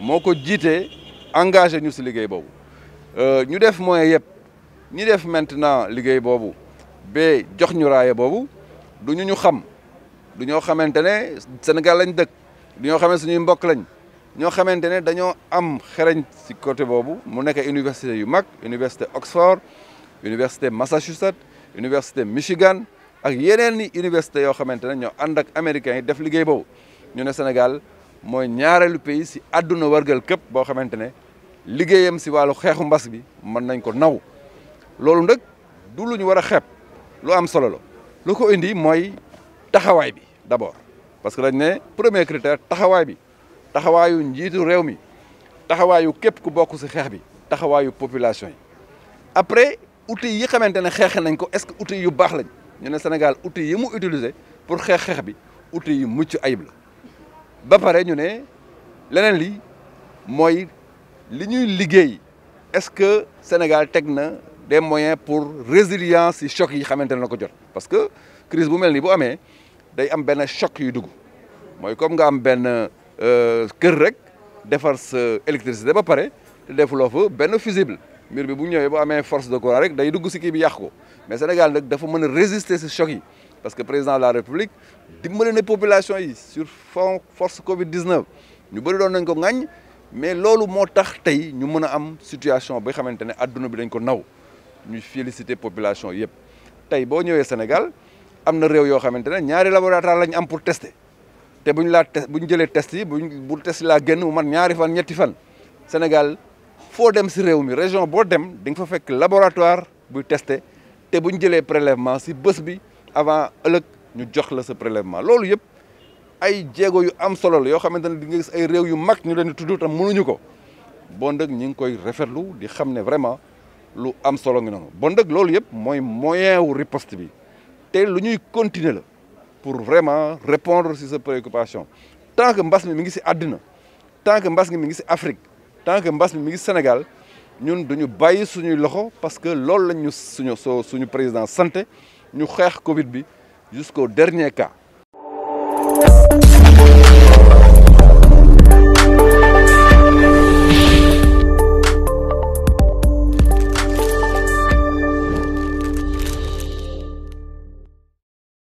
moko jité engagé ñu ci si bobu euh ñu def moyen yëpp ñi def maintenant liggéey bobu ba jox ñu raayé bobu duñu ñu xam duñu ñoo Sénégal lañ dëkk du ñoo suñu suñuy mbokk lañ ño xamante dañoo am xereñ ci côté bobu mu nekk université yu mag université Oxford université Massachusetts université Michigan ak yeneen ni université yoo xamante ne ñoo ànd ak américains yi def liggéey boobu ñu ne Sénégal mooy ñaareelu pays si àdduna wargal képp boo xamante ne liggéeyam si wàllu xeexu mbas bi mën nañ ko naw loolu nag du lu ñu war a xeeb lu am solo la lu ko indi mooy taxawaay bi d'abord parce que dañ ne premier critère taxawaay bi taxawaayu njiitu réew mi taxawaayu képp ku bokk si xeex bi taxawaayu population yi après outils yi xamante ne xeex nañ ko est-ce que outils yu baax lañ ñu ne Sénégal outils yi mu utiliser pour xeex xeex bi outils yu mucc ayib la ba paré ñu ne lénen li moy li ñuy liggéey est-ce que Sénégal teg na des moyens pour résilience ci choc yi xamante na ko jot parce que crise bu melni bu amé day am ben choc yu dugg moy comme nga am euh kër rek défar sa électricité ba paré te defuloo fa benn fusible mur bi bu ñëwé bu amé force de courant rek day dugg ci kii bi yàq ko mais Sénégal nak dafa mëna résister ce choc yi parce que président de la république dimbali na population yi sur fond force Covid 19 ñu bëri doon nañ ko ŋaññ mais loolu moo tax tey ñu mën a am situation bi xamante ne adduna bi dañ ko naw ñuy féliciter population yëpp. tey boo ñëwee Sénégal am na réew yoo xamante ne ñaari laboratoire lañ am pour tester te bu ñu laa te bu ñu jëlee test yi bu bu test laa génn mu man ñaari fan ñetti fan Sénégal foo dem si réew mi région boo dem di nga fa fekk laboratoire buy tester te bu ñu jëlee prélèvement si bés bi avant ëllëg ñu jox la sa prélèvement lolu yëpp ay djégo yu am solo la yoo xamante di nga gis ay réew yu mak ñu leen tuddu tam mënuñu ko bon nag ñi ngi koy rafetlu di xamné vraiment lu am solo ngi non bon lolu loolu moy moyen wu riposte bi té lu ñuy continuer la pour vraiment répondre sur sa préoccupation tant que mbass mi ngi ci àddina tant que mbass mi ngi ci Afrique tant que mbass mi ngi ci Sénégal ñun duñu bayyi suñu loxo parce que lolu lañ ñu suñu suñu président santé ñu xeex Covid bi jusqu'au dernier cas